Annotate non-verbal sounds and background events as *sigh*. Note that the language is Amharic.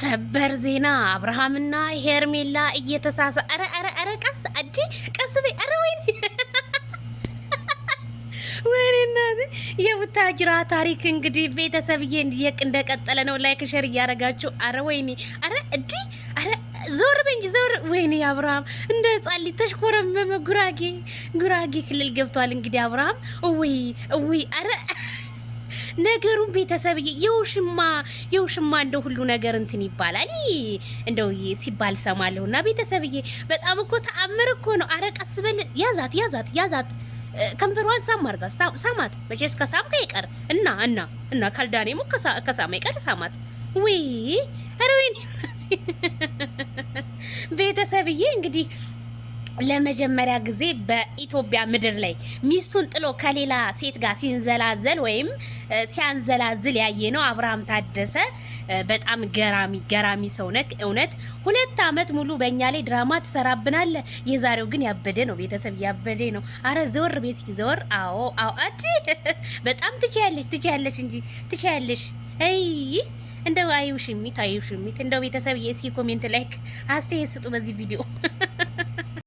ሰበር ዜና አብርሃምና ሄርሜላ እየተሳሳ ኧረ ኧረ ኧረ ቀስ አዲ ቀስ በይ ኧረ ወይኔ *laughs* ወይኔ እናቴ የቡታጅራ ታሪክ እንግዲህ ቤተሰብዬ እንዲየቅ እንደቀጠለ ነው ላይክ ሸር እያረጋችሁ ኧረ ወይኔ ኧረ እዲ ኧረ ዞር በእንጂ ዞር ወይኔ አብርሃም እንደ ህጻን ልጅ ተሽኮረመመ ጉራጌ ጉራጌ ክልል ገብቷል እንግዲህ አብርሃም እውይ እውይ ኧረ ነገሩን ቤተሰብዬ የውሽማ የውሽማ እንደ ሁሉ ነገር እንትን ይባላል እንደው ሲባል ሰማለሁ። እና ቤተሰብዬ በጣም እኮ ተአምር እኮ ነው። አረ ቀስ በል ያዛት ያዛት ያዛት ከንፈሯን ሳም አርጋ ሳማት። መቼስ ከሳምከ ይቀር እና እና እና ካልዳኔሞ ከሳማ ይቀር ሳማት። ወይ አረ *laughs* ቤተሰብዬ እንግዲህ ለመጀመሪያ ጊዜ በኢትዮጵያ ምድር ላይ ሚስቱን ጥሎ ከሌላ ሴት ጋር ሲንዘላዘል ወይም ሲያንዘላዝል ያየ ነው አብርሃም ታደሰ። በጣም ገራሚ ገራሚ ሰው ነክ እውነት። ሁለት አመት ሙሉ በእኛ ላይ ድራማ ትሰራብናለ። የዛሬው ግን ያበደ ነው፣ ቤተሰብ ያበደ ነው። አረ ዘወር ቤት ዘወር። አዎ አዎ፣ አዲ በጣም ትችያለሽ፣ ትችያለሽ እንጂ ትችያለሽ። አይ እንደው አዩ ሽሚት፣ አዩ ሽሚት። እንደው ቤተሰብ የእስኪ ኮሜንት ላይክ አስተያየት ስጡ በዚህ ቪዲዮ *laughs*